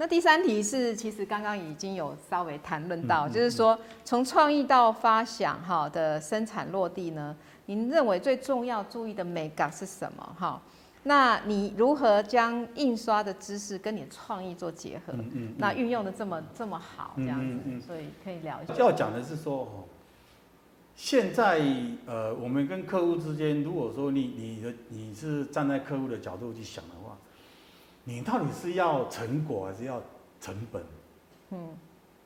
那第三題是，其實剛剛已經有稍微談論到，嗯嗯嗯、就是說從創意到發想哈的生產落地呢，您認為最重要注意的美感是什麼哈？那你如何將印刷的知識跟你的創意做結合？嗯嗯嗯、那運用的這麼這麼好這樣子，嗯嗯嗯、所以可以聊一下。要講的是說，現在呃，我們跟客戶之間，如果說你你的你是站在客戶的角度去想的。你到底是要成果還是要成本？嗯，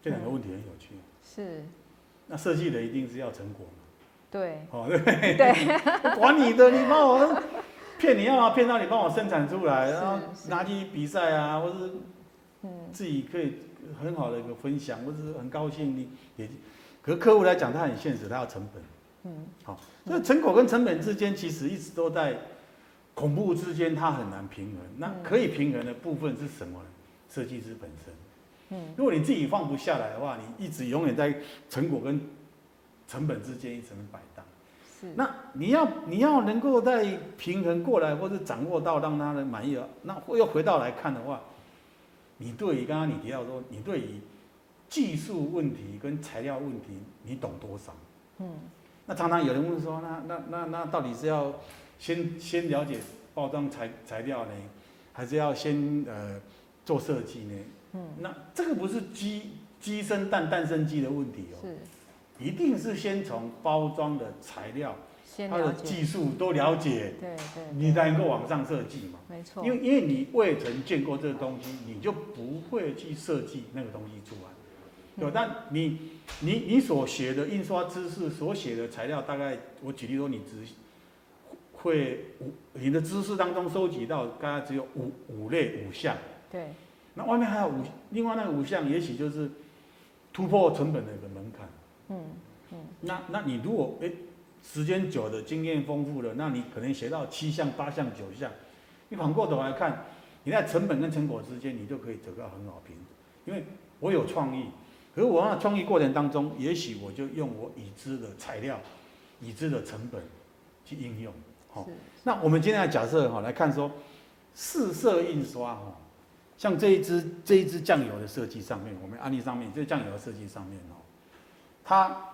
這兩個問題很有趣。嗯、是，那設計的一定是要成果嘛對，哦、嗯，對，管你的，你幫我騙你要，要麼、嗯、騙到你幫我生產出來，然後拿去比賽啊，或者是自己可以很好的一個分享，或者是很高興你，也，可是客戶來講，他很現實，他要成本。嗯，好、哦，那、嗯、成果跟成本之間其實一直都在。恐怖之間，它很難平衡。那可以平衡的部分是什麼呢？設計師本身。如果你自己放不下來的話，你一直永遠在成果跟成本之間一直擺盪。是那你要你要能夠再平衡過來，或者掌握到讓他人滿意了，那又回到來看的話，你對於剛剛你提到說，你對於技術問題跟材料問題，你懂多少？嗯。那常常有人問說，那那那那到底是要？先先了解包裝材材料呢，還是要先呃做設計呢？嗯，那這個不是雞雞生蛋蛋生雞的問題哦、喔，是，一定是先從包裝的材料，先它的技術都了解，嗯、對，對對，你才能夠往上設計嘛。嗯、沒錯，因為因為你未曾見過這個東西，你就不會去設計那個東西出來。有、嗯，但你你你所學的印刷知識，所寫的材料，大概我舉例說，你只。會五你的知識當中收集到，大概只有五五類五項，對，那外面還有五另外那個五項，也許就是突破成本的一個門檻。嗯嗯，嗯那那你如果哎時間久的，經驗豐富了，那你可能學到七項、八項、九項。你反過頭來看，你在成本跟成果之間，你就可以得到很好平衡。因為我有創意，可是我那創意過程當中，也許我就用我已知的材料、已知的成本去應用。好，那我們今天來假設哈，來看說，四色印刷哈，像這一支這一支醬油的設計上面，我們案例上面這個醬油的設計上面它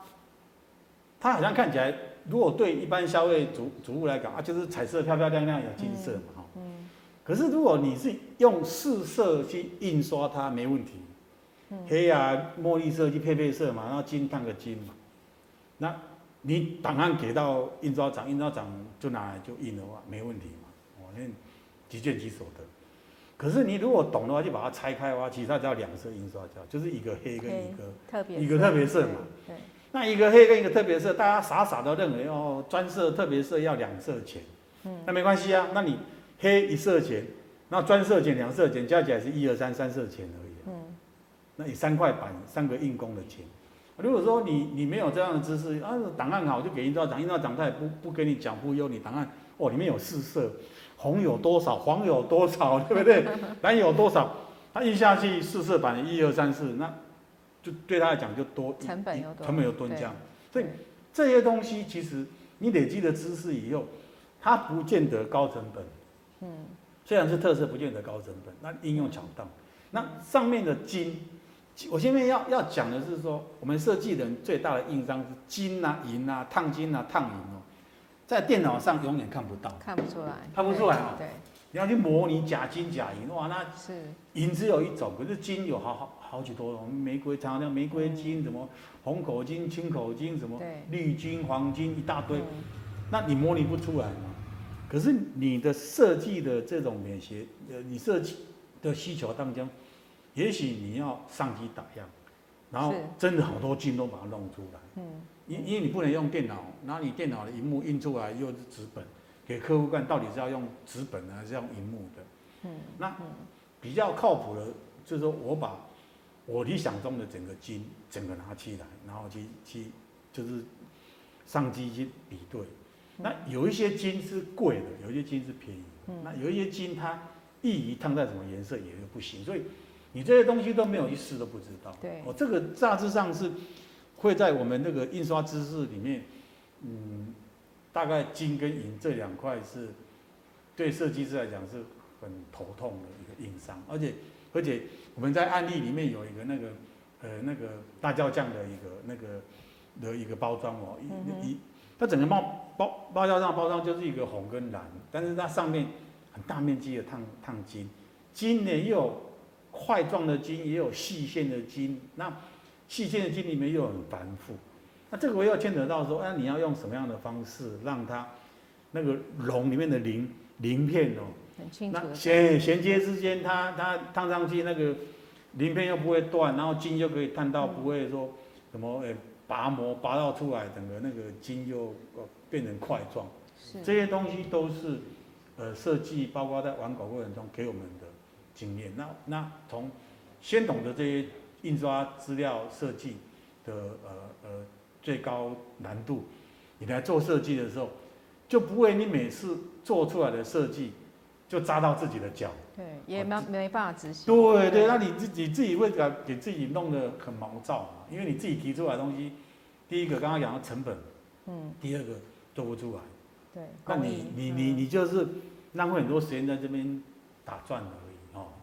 它好像看起來，如果對一般消費主主顧來講啊，就是彩色漂漂亮亮，有金色嘛哈。嗯嗯。可是如果你是用四色去印刷它，沒問題，黑啊墨綠色去配配色嘛，然後金燙個金嘛，那。你檔案給到印刷廠，印刷廠就拿來就印的話，沒問題嘛。我那即見即所得。可是你如果懂的話，就把它拆開的話，其實它叫兩色印刷膠，就是一個黑跟一個，okay, 特別色，一個特別色嘛。那一個黑跟一個特別色，大家傻傻都認為哦，專色特別色要兩色錢。嗯、那沒關係啊，那你黑一色錢，那專色錢兩色錢加起來是一二三三色錢而已，啊。嗯、那你三塊板三個印工的錢。如果說你你沒有這樣的知識啊，檔案好就給印刷廠，印刷廠他也不不跟你講，不，用你檔案哦，裡面有四色紅有多少黃有多少對不對？ 藍有多少，他一下去四色版一二三四，那就對他來講就多，又多成本有多成本有多降，對所以這些東西其實你累積的知識以後，它不見得高成本，嗯，雖然是特色不見得高成本，那應用恰當，那上面的金。我現在要要講的是說，我們設計人最大的硬傷，是金啊、銀啊、燙金啊、燙銀、喔、在電腦上永遠看不到，看不出來，看不出來啊、喔。對，你要去模擬假金假銀，哇，那是銀只有一種，可是金有好好好幾多哦。玫瑰常常玫瑰金，什麼紅口金、青口金，什麼綠金、黃金一大堆，對那你模擬不出來嘛？嗯、可是你的設計的這種美學，呃，你設計的需求當中。也許你要上機打樣，然後真的好多金都把它弄出來。嗯，因因為你不能用電腦，拿你電腦的屏幕，印出來又是紙本，給客戶看到底是要用紙本呢，還是要用屏幕的。嗯，嗯，那比較靠譜的，就是說我把我理想中的整個金整個拿起來，然後去去就是上機去比對。那有一些金是貴的，有一些金是便宜、嗯、那有一些金它易於燙在什麼顏色也就不行，所以。你這些東西都沒有一試，都不知道。對，對、哦，這個大致上是會在我們那個印刷知識裡面，嗯，大概金跟銀這兩塊是對設計師來講是很頭痛的一個硬傷。而且，而且我們在案例裡面有一個那個、嗯、呃那個大叫醬的一個那個的一個包裝哦，一它整個包包包，包叫醬包裝就是一個紅跟藍，但是它上面很大面積的燙燙金，金呢也有、嗯。塊狀的金也有細線的金，那細線的金裡面又很繁複，那這個我要牽扯到說，哎，你要用什麼樣的方式讓它那個龍裡面的鱗鱗片哦、喔，很清楚，那銜銜接之間，它它燙上去那個鱗片又不會斷，然後金就可以燙到不會說什麼，哎、欸，拔模拔到出來，整個那個金就變成塊狀，是，這些東西都是呃設計，包括在完稿過程中給我們的。經驗，那那從先懂得這些印刷資料設計的呃呃最高難度，你來做設計的時候，就不會你每次做出來的設計就扎到自己的腳，對，也沒沒辦法執行，哦、對對，那你自己自己會給給自己弄得很毛躁嘛，因為你自己提出來的東西，第一個剛剛講的成本，嗯，第二個做不出來，對，那你你你你就是浪費很多時間在這邊打轉的。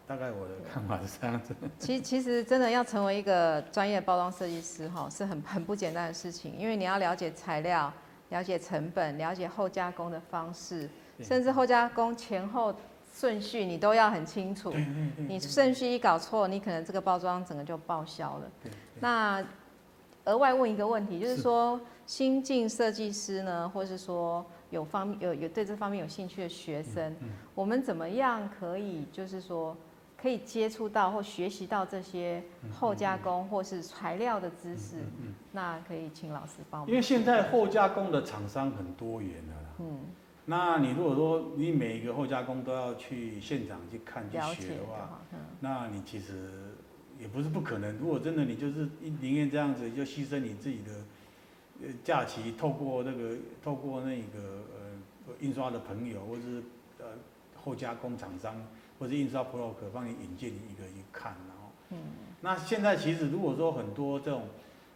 大概我的看法是這樣子。其其實真的要成為一個專業的包裝設計師哈，是很很不簡單的事情，因為你要了解材料、了解成本、了解後加工的方式，甚至後加工前後順序你都要很清楚。你順序一搞錯，你可能這個包裝整個就報銷了。那額外問一個問題，就是說新進設計師呢，或是說有方有有對這方面有興趣的學生，我們怎麼樣可以就是說？可以接觸到或學習到這些後加工或是材料的知識，嗯嗯嗯嗯嗯、那可以請老師幫忙。因為現在後加工的廠商很多元的啦，嗯，那你如果說你每一個後加工都要去現場去看、嗯、去學的話，嗯、那你其實也不是不可能。如果真的你就是寧願這樣子，就犧牲你自己的假期，透過那個透過那個呃印刷的朋友或者是呃後加工廠商。或者印刷 pro 克幫你引薦一個去看，然後，嗯，那現在其實如果說很多這種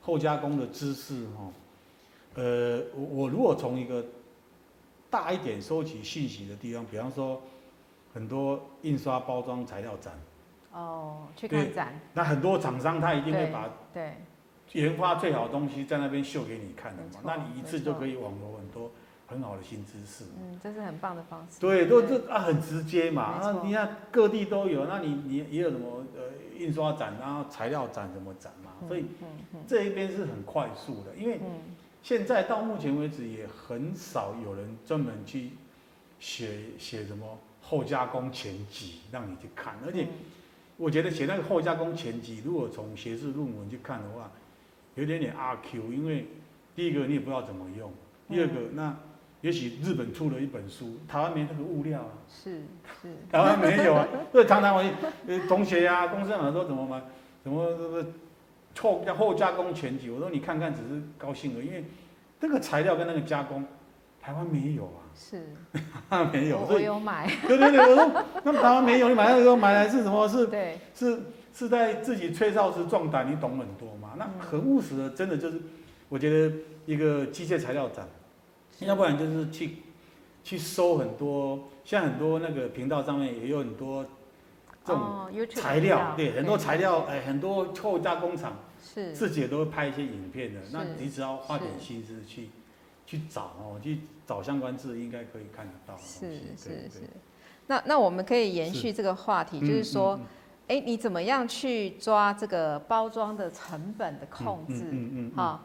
後加工的知識哈，呃，我我如果從一個大一點收集信息的地方，比方說很多印刷包裝材料展，哦，去看展，那很多廠商他一定會把對，對研發最好的東西在那邊秀給你看的嘛，錯那你一次就可以網羅很多。錯很好的新知識，嗯，這是很棒的方式。對，都這對啊很直接嘛。沒錯。那、啊、你看各地都有，那你你也有什麼呃印刷展，然後材料展什麼展嘛。所以、嗯嗯嗯、這一邊是很快速的，因為、嗯、現在到目前為止也很少有人專門去寫寫、嗯、什麼後加工前幾讓你去看，而且我覺得寫那個後加工前幾，如果從學士論文去看的話，有點點阿 Q，因為第一個你也不知道怎麼用，嗯、第二個那。也許日本出了一本書，台灣沒這個物料啊。是是，是台灣沒有啊。 所以常常我同學呀、啊、公司朋友說怎麼嘛、什麼這個，後加後加工全集，我說你看看，只是高興了，因為這個材料跟那個加工，台灣沒有啊。是，那沒,、啊、沒有。所以我有買。對對對，我說那台灣沒有，你買那個買來是什麼？是。對。是是，是在自己吹哨時壯膽，你懂很多嘛？那很務實的，真的就是，我覺得一個機械材料展。要不然就是去去搜很多，像很多那個頻道上面也有很多這種材料，對，很多材料，哎，很多後加工廠是自己也都會拍一些影片的。那你只要花點心思去去找哦，去找相關字，應該可以看得到。是是是，那那我們可以延續這個話題，就是說，哎，你怎麼樣去抓這個包裝的成本的控制？嗯嗯嗯，